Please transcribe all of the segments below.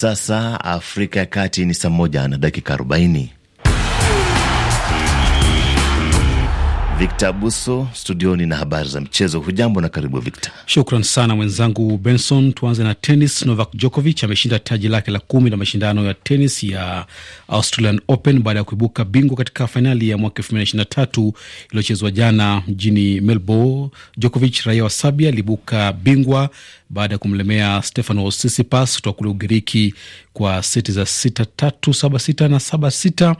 Sasa Afrika ya Kati ni saa moja na dakika arobaini. Victor Buso studioni na habari za mchezo. Hujambo na karibu Victor. Shukran sana mwenzangu Benson. Tuanze na tenis. Novak Djokovic ameshinda taji lake la kumi la mashindano ya tenis ya Australian Open baada ya kuibuka bingwa katika fainali ya mwaka elfu mbili na ishirini na tatu iliyochezwa jana mjini Melbourne. Djokovic raia wa Sabia aliibuka bingwa baada ya kumlemea Stefanos Tsitsipas kutoka kule Ugiriki kwa seti za sita tatu saba sita na saba sita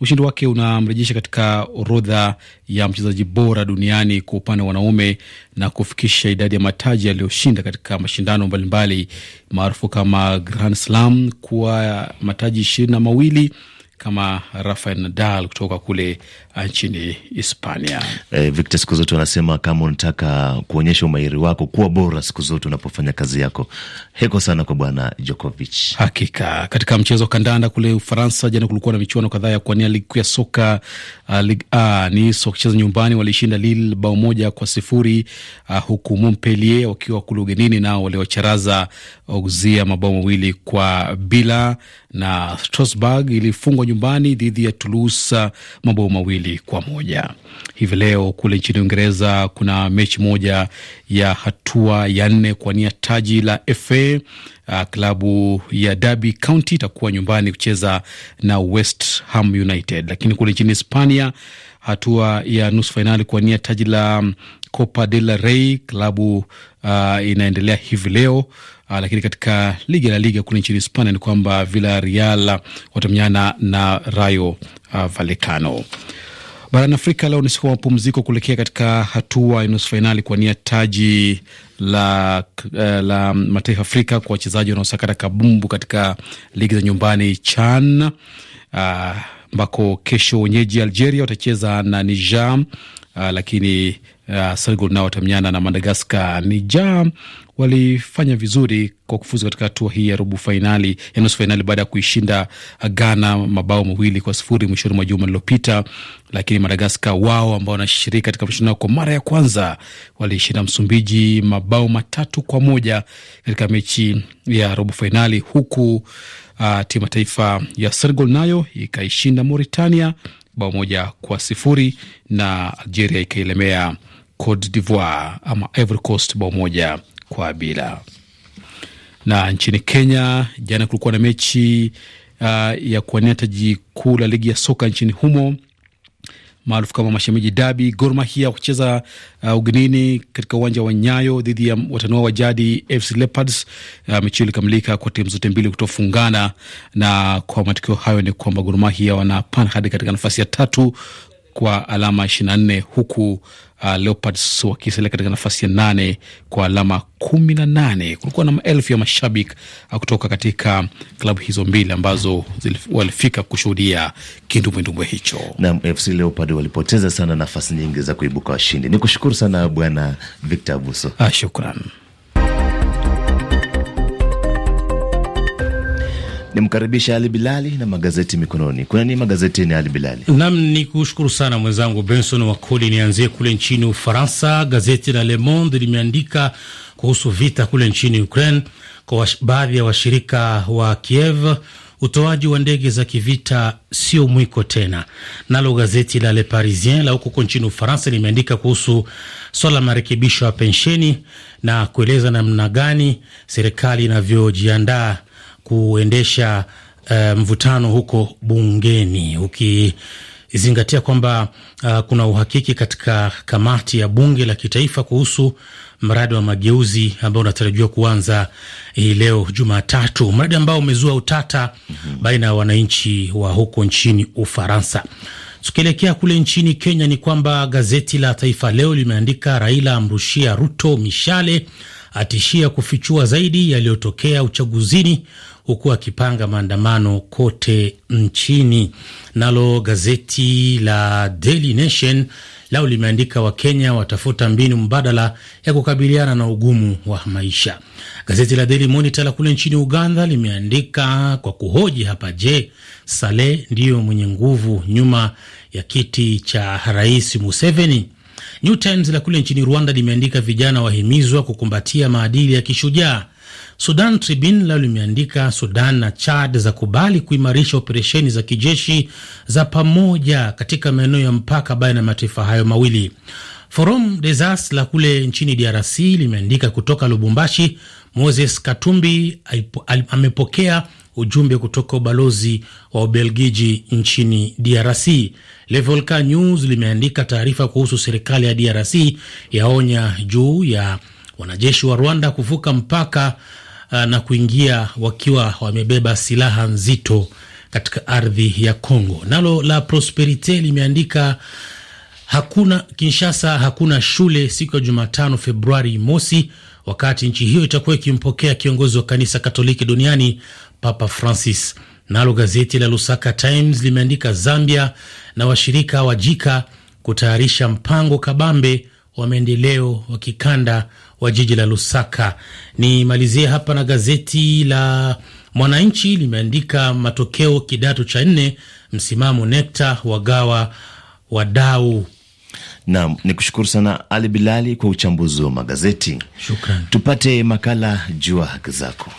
Ushindi wake unamrejesha katika orodha ya mchezaji bora duniani kwa upande wa wanaume na kufikisha idadi ya mataji aliyoshinda katika mashindano mbalimbali maarufu kama Grand Slam kuwa mataji ishirini na mawili kama Rafael Nadal kutoka kule nchini Hispania. Eh, Victor, siku zote wanasema kama unataka kuonyesha umahiri wako kuwa bora siku zote unapofanya kazi yako. Heko sana kwa bwana Djokovic. Hakika katika mchezo wa kandanda kule Ufaransa jana kulikuwa na michuano kadhaa ya kuania ligi kuu ya soka uh, ah, lig, uh, ah, ni wakicheza nyumbani walishinda Lille bao moja kwa sifuri uh, huku Montpellier wakiwa kule ugenini nao waliwacharaza Auxerre mabao mawili kwa bila na Strasbourg ilifungwa nyumbani dhidi ya Toulouse mabao mawili mbili kwa moja. Hivi leo kule nchini Uingereza kuna mechi moja ya hatua ya nne kuwania taji la FA. Ah, klabu ya Derby County itakuwa nyumbani kucheza na West Ham United, lakini kule nchini Hispania hatua ya nusu fainali kuwania taji la mm, Copa del Rey klabu uh, inaendelea hivi leo uh, lakini katika liga la liga kule nchini Hispania ni kwamba Villarreal watamenyana na Rayo uh, Vallecano. Barani Afrika leo ni siku ya mapumziko kuelekea katika hatua ya nusu fainali kuwania taji la, eh, la mataifa Afrika kwa wachezaji wanaosakata kabumbu katika ligi za nyumbani CHAN ah, ambako uh, kesho wenyeji Algeria watacheza na Niger uh, lakini uh, Senegal nao watamenyana na Madagaskar. Niger walifanya vizuri kwa kufuzu katika hatua hii ya robo fainali ya nusu fainali baada ya kuishinda Ghana mabao mawili kwa sifuri mwishoni mwa juma lililopita. Lakini Madagaskar wao ambao wanashiriki katika mashindano kwa mara ya kwanza walishinda Msumbiji mabao matatu kwa moja katika mechi ya robo fainali, huku uh, timu ya taifa ya Senegal nayo ikaishinda Mauritania bao moja kwa sifuri na Algeria ikailemea Cote d'Ivoire ama Ivory Coast bao moja kwa bila. Na nchini Kenya jana kulikuwa na mechi uh, ya kuwania taji kuu la ligi ya soka nchini humo maarufu kama mashemeji dabi. Gor Mahia wakicheza uh, ugenini katika uwanja wa Nyayo dhidi ya watanua wa jadi FC Leopards. Uh, mechi ilikamilika kwa timu zote mbili kutofungana, na kwa matokeo hayo ni kwamba Gor Mahia wanapanda hadi katika nafasi ya tatu kwa alama 24 huku uh, Leopards wakisalia katika nafasi ya nane kwa alama 18. Kulikuwa na maelfu ya mashabiki uh, kutoka katika klabu hizo mbili ambazo walifika kushuhudia kindumbwendumbwe hicho. nam FC Leopard walipoteza sana nafasi nyingi za kuibuka washindi. Ni kushukuru sana Bwana Victor Abuso. Ah, shukran. nimkaribisha Ali Bilali na magazeti mikononi. Kuna nini magazetini, Ali Bilali? Nam ni kushukuru sana mwenzangu Benson Wakoli. Nianzie kule nchini Ufaransa, gazeti la Le Monde limeandika kuhusu vita kule nchini Ukraine kwa baadhi ya washirika wa Kiev. Utoaji wa ndege za kivita sio mwiko tena. Nalo gazeti la Le Parisien la huko nchini Ufaransa limeandika kuhusu swala la marekebisho ya pensheni na kueleza namna gani serikali inavyojiandaa kuendesha uh, mvutano huko bungeni ukizingatia kwamba uh, kuna uhakiki katika kamati ya bunge la kitaifa kuhusu mradi wa mageuzi ambao unatarajiwa kuanza hii eh, leo Jumatatu, mradi ambao umezua utata mm -hmm. baina ya wananchi wa huko nchini Ufaransa. Tukielekea kule nchini Kenya ni kwamba gazeti la Taifa Leo limeandika Raila amrushia Ruto mishale, atishia kufichua zaidi yaliyotokea uchaguzini huku akipanga maandamano kote nchini. Nalo gazeti la Daily Nation lao limeandika Wakenya watafuta mbinu mbadala ya kukabiliana na ugumu wa maisha. Gazeti la Daily Monitor la kule nchini Uganda limeandika kwa kuhoji hapa, je, Saleh ndiyo mwenye nguvu nyuma ya kiti cha rais Museveni? New Times la kule nchini Rwanda limeandika vijana wahimizwa kukumbatia maadili ya kishujaa. Sudan Tribune la limeandika Sudan na Chad za kubali kuimarisha operesheni za kijeshi za pamoja katika maeneo ya mpaka baina ya mataifa hayo mawili. Forum des As la kule nchini DRC limeandika kutoka Lubumbashi, Moses Katumbi amepokea ujumbe kutoka ubalozi wa Ubelgiji nchini DRC. Le Volcan News limeandika taarifa kuhusu serikali ya DRC yaonya juu ya wanajeshi wa Rwanda kuvuka mpaka Uh, na kuingia wakiwa wamebeba silaha nzito katika ardhi ya congo Nalo la Prosperite limeandika hakuna Kinshasa, hakuna shule siku ya Jumatano Februari mosi, wakati nchi hiyo itakuwa ikimpokea kiongozi wa kanisa Katoliki duniani Papa Francis. Nalo gazeti la Lusaka Times limeandika Zambia na washirika wa jika kutayarisha mpango kabambe wa maendeleo wa kikanda wa jiji la Lusaka. Nimalizie hapa na gazeti la Mwananchi limeandika matokeo kidato cha nne, msimamo nekta wagawa wadau. Naam, ni kushukuru sana Ali Bilali kwa uchambuzi wa magazeti. Shukran. Tupate makala Jua Haki Zako.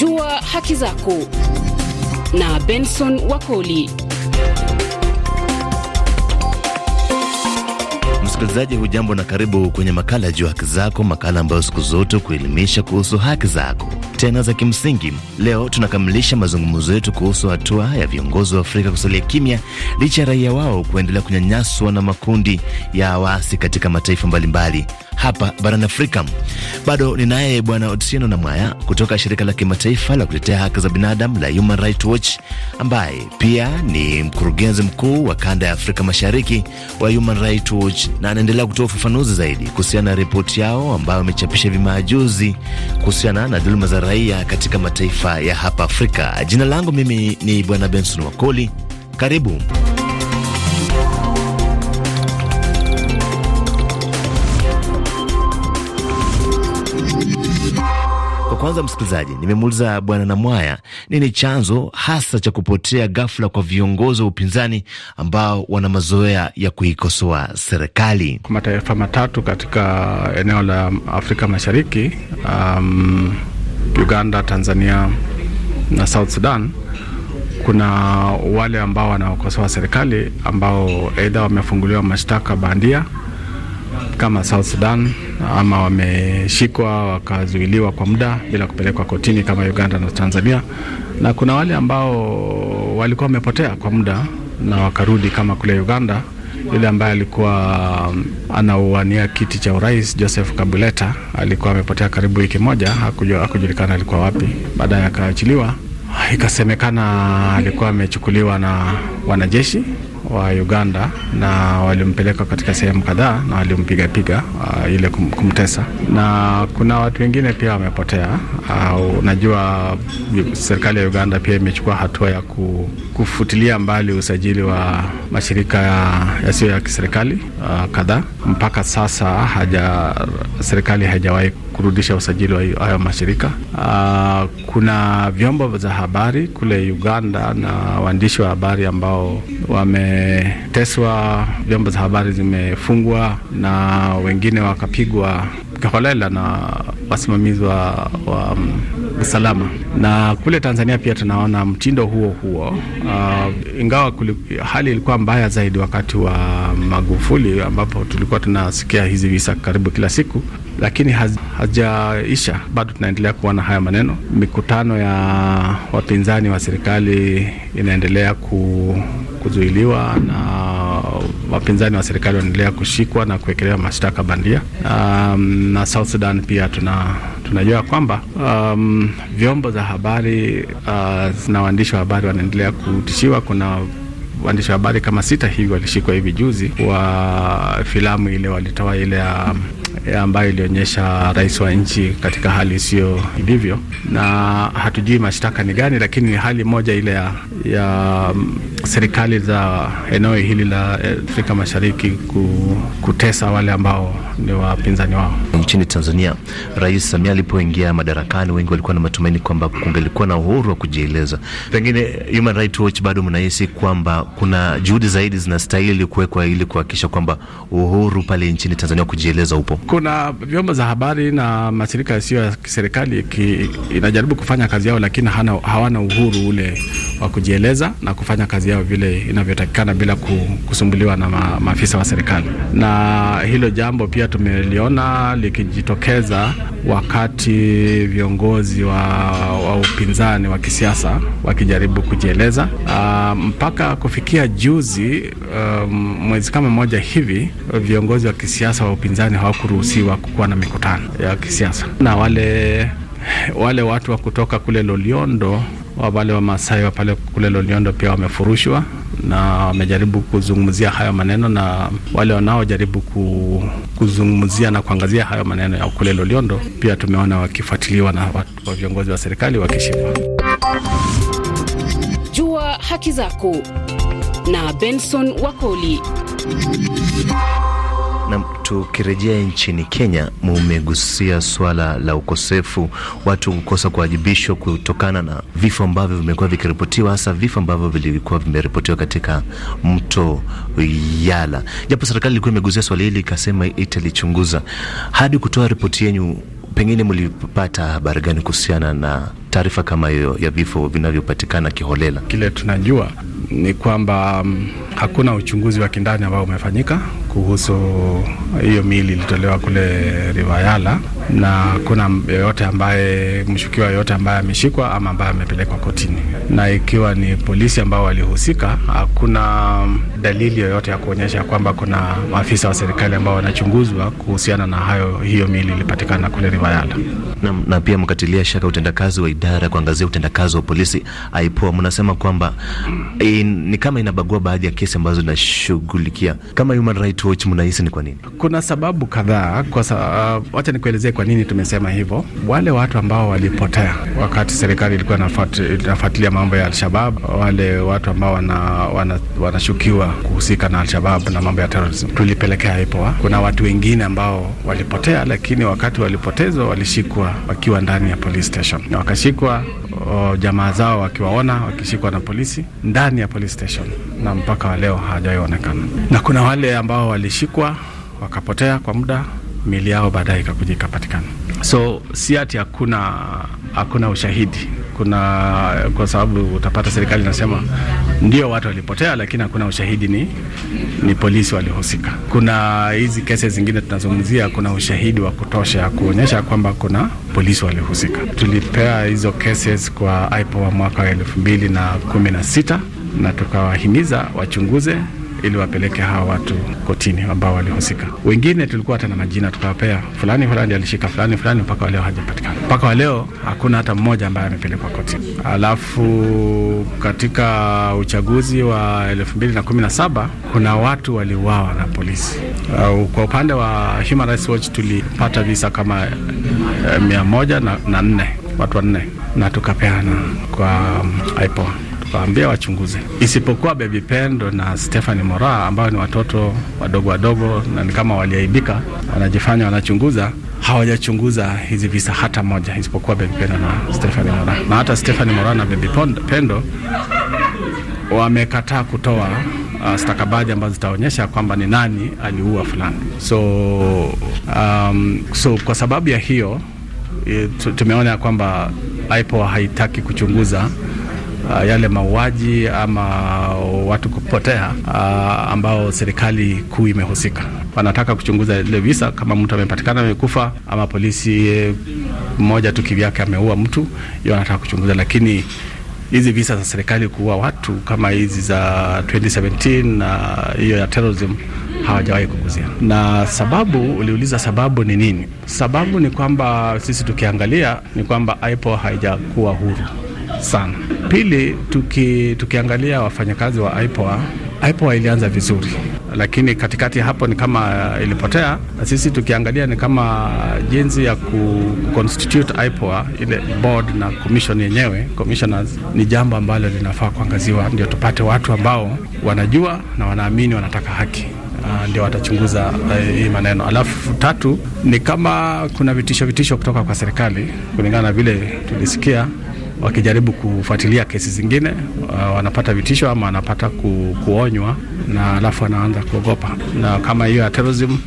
Jua Haki Zako na Benson Wakoli. Msikilizaji hujambo na karibu kwenye makala ya juu haki zako, makala ambayo siku zote kuelimisha kuhusu haki zako tena za kimsingi. Leo tunakamilisha mazungumzo yetu kuhusu hatua ya viongozi wa Afrika kusalia kimya licha ya raia wao kuendelea kunyanyaswa na makundi ya waasi katika mataifa mbalimbali hapa barani Afrika. Bado ninaye Bwana Otieno na Mwaya kutoka shirika la kimataifa la kutetea haki za binadamu la Human Rights Watch, ambaye pia ni mkurugenzi mkuu wa kanda ya Afrika Mashariki wa Human Rights Watch, na anaendelea kutoa ufafanuzi zaidi kuhusiana na ripoti yao ambayo amechapisha vimaajuzi kuhusiana na dhuluma za raia katika mataifa ya hapa Afrika. Jina langu mimi ni Bwana Benson Wakoli, karibu. Kwanza msikilizaji, nimemuuliza Bwana Namwaya nini chanzo hasa cha kupotea ghafla kwa viongozi wa upinzani ambao wana mazoea ya kuikosoa serikali. Mataifa matatu katika eneo la Afrika Mashariki um Uganda, Tanzania na South Sudan, kuna wale ambao wanaokosoa serikali ambao aidha wamefunguliwa mashtaka bandia kama South Sudan ama wameshikwa wakazuiliwa kwa muda bila kupelekwa kotini kama Uganda na Tanzania, na kuna wale ambao walikuwa wamepotea kwa muda na wakarudi kama kule Uganda yule ambaye alikuwa um, anauania kiti cha urais Joseph Kabuleta alikuwa amepotea karibu wiki moja, hakujulikana alikuwa wapi. Baadaye akaachiliwa, ikasemekana alikuwa amechukuliwa na wanajeshi wa Uganda na walimpeleka katika sehemu kadhaa na walimpigapiga uh, ile kum, kumtesa, na kuna watu wengine pia wamepotea. Uh, unajua serikali ya Uganda pia imechukua hatua ya ku, kufutilia mbali usajili wa mashirika yasiyo ya, ya kiserikali uh, kadhaa. Mpaka sasa haja, serikali haijawahi kurudisha usajili wa hayo mashirika uh, kuna vyombo vya habari kule Uganda na waandishi wa habari ambao wame zimeteswa, vyombo za habari zimefungwa na wengine wakapigwa kiholela na wasimamizi wa um, usalama. Na kule Tanzania pia tunaona mtindo huo huo, uh, ingawa kuli, hali ilikuwa mbaya zaidi wakati wa Magufuli ambapo tulikuwa tunasikia hizi visa karibu kila siku, lakini haz, hajaisha bado, tunaendelea kuona haya maneno. Mikutano ya wapinzani wa serikali inaendelea ku kuzuiliwa na wapinzani wa serikali wanaendelea kushikwa na kuwekelewa mashtaka bandia. Um, na South Sudan pia tuna tunajua kwamba um, vyombo za habari uh, na waandishi wa habari wanaendelea kutishiwa. Kuna waandishi wa habari kama sita hivi walishikwa hivi juzi wa filamu ile walitoa ile um, Eh, ambayo ilionyesha rais wa nchi katika hali isiyo ilivyo, na hatujui mashtaka ni gani, lakini ni hali moja ile ya, ya mm, serikali za eneo hili la eh, Afrika Mashariki kutesa wale ambao ni wapinzani wao. Nchini Tanzania, Rais Samia alipoingia madarakani, wengi walikuwa na matumaini kwamba kungelikuwa na uhuru wa kujieleza. Pengine Human Rights Watch bado mnahisi kwamba kuna juhudi zaidi zinastahili kuwekwa ili kuhakikisha kwamba uhuru pale nchini Tanzania wa kujieleza upo? kuna vyombo za habari na mashirika yasiyo ya kiserikali inajaribu kufanya kazi yao, lakini hana, hawana uhuru ule wa kujieleza na kufanya kazi yao vile inavyotakikana bila kusumbuliwa na ma, maafisa wa serikali. Na hilo jambo pia tumeliona likijitokeza wakati viongozi wa, wa upinzani wa kisiasa wakijaribu kujieleza uh, mpaka kufikia juzi um, mwezi kama mmoja hivi, viongozi wa kisiasa wa upinzani hawakuruhusiwa kukuwa na mikutano ya kisiasa na wale wale watu wa kutoka kule Loliondo wale Wamasai wa pale kule Loliondo pia wamefurushwa na wamejaribu kuzungumzia hayo maneno, na wale wanaojaribu kuzungumzia na kuangazia hayo maneno ya kule Loliondo pia tumeona wakifuatiliwa na wa viongozi wa serikali wakishikwa. Jua haki zako na Benson Wakoli na Tukirejea nchini Kenya, mumegusia swala la ukosefu watu kukosa kuwajibishwa kutokana na vifo ambavyo vimekuwa vikiripotiwa, hasa vifo ambavyo vilikuwa vimeripotiwa katika mto Yala, japo serikali ilikuwa imegusia swala hili ikasema italichunguza. Hadi kutoa ripoti yenyu, pengine mlipata habari gani kuhusiana na taarifa kama hiyo ya vifo vinavyopatikana kiholela? Kile tunajua ni kwamba mm, hakuna uchunguzi wa kindani ambao umefanyika kuhusu hiyo mili ilitolewa kule Rivayala, na kuna yoyote ambaye mshukiwa yoyote ambaye ameshikwa ama ambaye amepelekwa kotini, na ikiwa ni polisi ambao walihusika, hakuna dalili yoyote ya kuonyesha kwamba kuna maafisa wa serikali ambao wanachunguzwa kuhusiana na hayo hiyo mili ilipatikana kule Rivayala. Na, na pia mkatilia shaka utendakazi wa idara kuangazia utendakazi wa polisi aipoa, mnasema kwamba eh, ni kama inabagua baadhi ya kesi ambazo inashughulikia kama human right wakati wote mnahisi ni kwa nini? Kuna sababu kadhaa kwa sa, uh, wacha nikuelezee kwa nini tumesema hivyo. Wale watu ambao walipotea wakati serikali ilikuwa inafuatilia mambo ya Alshabab, wale watu ambao wanashukiwa wana, wana kuhusika na Alshabab na mambo ya terrorism tulipelekea IPOA. Kuna watu wengine ambao walipotea, lakini wakati walipotezwa walishikwa wakiwa ndani ya police station na wakashikwa O, jamaa zao wakiwaona wakishikwa na polisi ndani ya police station na mpaka wa leo hawajawahi onekana. Na kuna wale ambao walishikwa wakapotea kwa muda, mili yao baadaye ikakuja ikapatikana. So si ati hakuna hakuna ushahidi kuna, kwa sababu utapata serikali inasema ndio watu walipotea, lakini hakuna ushahidi ni, ni polisi walihusika. Kuna hizi kesi zingine tunazungumzia, kuna ushahidi wa kutosha kuonyesha kwamba kuna polisi walihusika. Tulipea hizo kesi kwa IPOA mwaka wa elfu mbili na kumi na sita na tukawahimiza wachunguze ili wapeleke hawa watu kotini ambao walihusika. Wengine tulikuwa hata na majina tukawapea, fulani fulani alishika fulani fulani, mpaka waleo hajapatikana. Mpaka waleo hakuna hata mmoja ambaye amepelekwa kotini. Alafu katika uchaguzi wa elfu mbili na kumi na saba kuna watu waliuawa na polisi. Kwa upande wa Human Rights Watch tulipata visa kama eh, mia moja na, na nne watu wanne na tukapeana kwa um, IPOA kuambia wachunguze, isipokuwa Baby Pendo na Stephanie Mora ambao ni watoto wadogo wadogo, na ni kama waliaibika, wanajifanya wanachunguza hawajachunguza hizi visa hata moja, isipokuwa Baby Pendo na Stephanie Mora. Na hata Stephanie Mora na Baby Pendo wamekataa kutoa uh, stakabadhi ambazo zitaonyesha kwamba ni nani aliua fulani. So, um, so kwa sababu ya hiyo eh, tumeona ya kwamba IPOA haitaki kuchunguza uh, yale mauaji ama watu kupotea uh, ambao serikali kuu imehusika. Wanataka kuchunguza ile visa, kama mtu amepatikana amekufa ama polisi eh, mmoja tu kivyake ameua mtu, hiyo wanataka kuchunguza, lakini hizi visa za serikali kuua watu kama hizi za 2017 na uh, hiyo ya terrorism hawajawahi kuguzia. Na sababu, uliuliza sababu ni nini? Sababu ni kwamba sisi tukiangalia ni kwamba IPOA haijakuwa huru sana. Pili, tuki, tukiangalia wafanyakazi wa IPOA, IPOA ilianza vizuri, lakini katikati hapo ni kama ilipotea, na sisi tukiangalia ni kama jinsi ya kuconstitute IPOA, ile board na commission yenyewe commissioners, ni jambo ambalo linafaa kuangaziwa, ndio tupate watu ambao wanajua na wanaamini, wanataka haki ah, ndio watachunguza eh, hii maneno. Alafu tatu ni kama kuna vitisho vitisho kutoka kwa serikali, kulingana na vile tulisikia wakijaribu kufuatilia kesi zingine uh, wanapata vitisho ama wanapata ku, kuonywa na alafu wanaanza kuogopa. Na kama hiyo ya terrorism,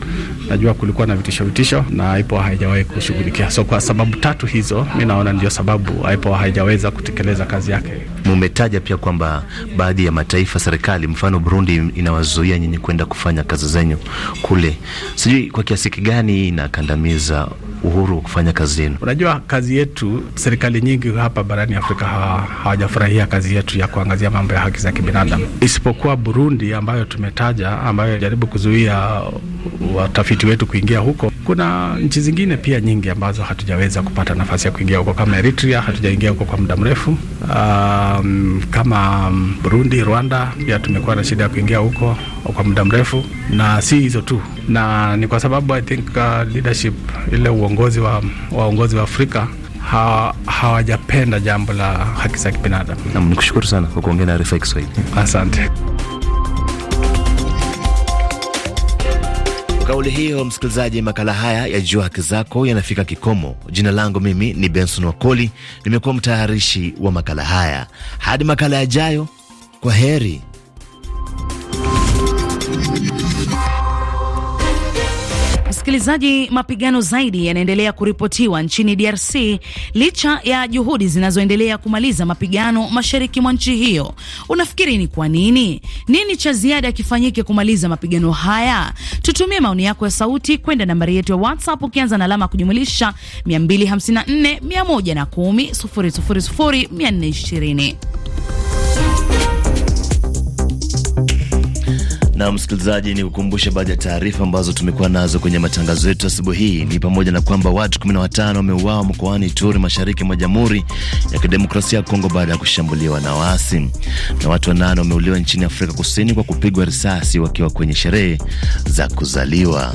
najua kulikuwa na vitisho vitisho, na IPOA haijawahi kushughulikia. So kwa sababu tatu hizo, mi naona ndio sababu IPOA haijaweza kutekeleza kazi yake. Mumetaja pia kwamba baadhi ya mataifa serikali, mfano Burundi, inawazuia nyinyi kwenda kufanya kazi zenyu kule, sijui kwa kiasi gani inakandamiza uhuru wa kufanya kazi yenu? Unajua, kazi yetu, serikali nyingi hapa barani Afrika hawajafurahia ha, kazi yetu ya kuangazia mambo ya haki za kibinadamu, isipokuwa Burundi ambayo tumetaja, ambayo jaribu kuzuia uh, watafiti wetu kuingia huko. Kuna nchi zingine pia nyingi ambazo hatujaweza kupata nafasi ya kuingia huko, kama Eritrea hatujaingia huko kwa muda mrefu. Um, kama Burundi, Rwanda pia tumekuwa na shida ya kuingia huko kwa muda mrefu, na si hizo tu, na ni kwa sababu I think uh, leadership ile uongo viongozi wa waongozi wa Afrika hawajapenda hawa jambo la haki za kibinadamu. nikushukuru sana kwa kuongea na RFI Kiswahili. Asante. Kauli hiyo, msikilizaji, makala haya ya Jua Haki Zako yanafika kikomo. Jina langu mimi ni Benson Wakoli, nimekuwa mtayarishi wa makala haya. Hadi makala yajayo, kwa heri. Msikilizaji, mapigano zaidi yanaendelea kuripotiwa nchini DRC licha ya juhudi zinazoendelea kumaliza mapigano mashariki mwa nchi hiyo. Unafikiri ni kwa nini? Nini cha ziada kifanyike kumaliza mapigano haya? Tutumie maoni yako ya sauti kwenda nambari yetu ya WhatsApp ukianza na alama kujumulisha 254 110 000 420. Na msikilizaji, ni kukumbushe baadhi ya taarifa ambazo tumekuwa nazo kwenye matangazo yetu asubuhi hii. Ni pamoja na kwamba watu 15 wameuawa mkoani turi mashariki mwa Jamhuri ya Kidemokrasia ya Kongo baada ya kushambuliwa na waasi, na watu wanane wameuliwa nchini Afrika Kusini kwa kupigwa risasi wakiwa kwenye sherehe za kuzaliwa.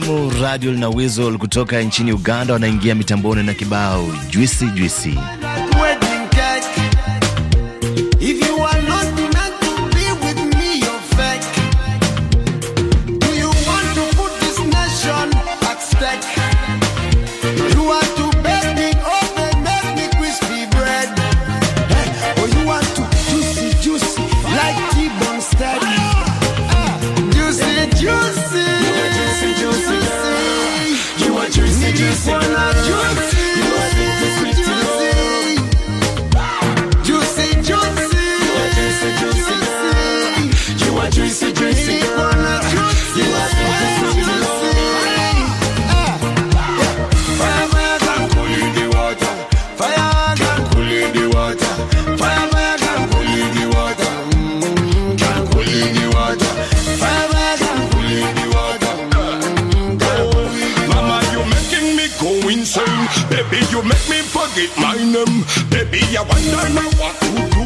marehemu radio na Wizol kutoka nchini Uganda wanaingia mitamboni na kibao juisi juisi. When I drink Baby, you make me forget my name. Baby, I wonder now what to do.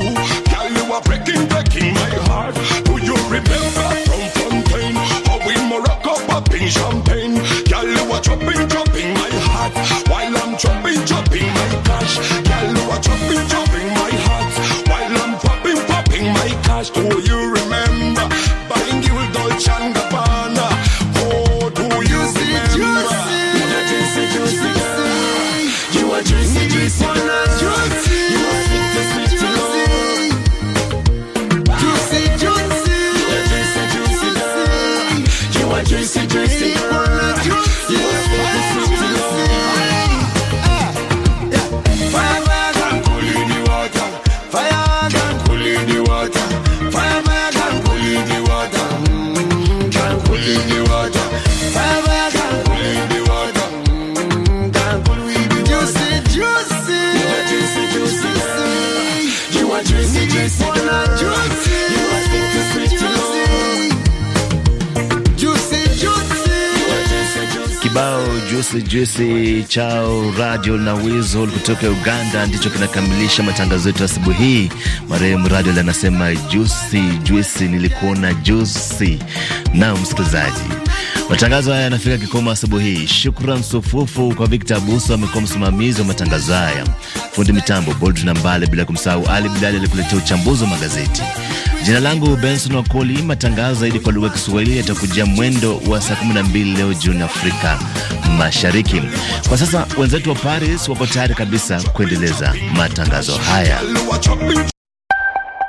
Girl, you are breaking, breaking my heart. Do you remember from Fontaine? How we Morocco popping champagne? Girl, you are chopping, chopping my heart. While I'm chopping, chopping my cash. Girl, you are chopping, chopping my heart. While I'm popping, popping my cash. Do you juicy juicy chao radio na wizol kutoka Uganda ndicho kinakamilisha matangazo yetu asubuhi hii. Marehemu radio anasema juicy juicy, nilikuona juicy. Na msikilizaji Matangazo haya yanafika kikomo asubuhi hii. Shukran sufufu kwa Victor Abuso, amekuwa msimamizi wa matangazo haya, fundi mitambo na Mbale, bila kumsahau Ali Bilali alikuletea uchambuzi wa magazeti. Jina langu Benson Wakoli. Matangazo zaidi kwa lugha ya Kiswahili yatakujia mwendo wa saa 12 leo Juni Afrika Mashariki. Kwa sasa wenzetu wa Paris wako tayari kabisa kuendeleza matangazo haya.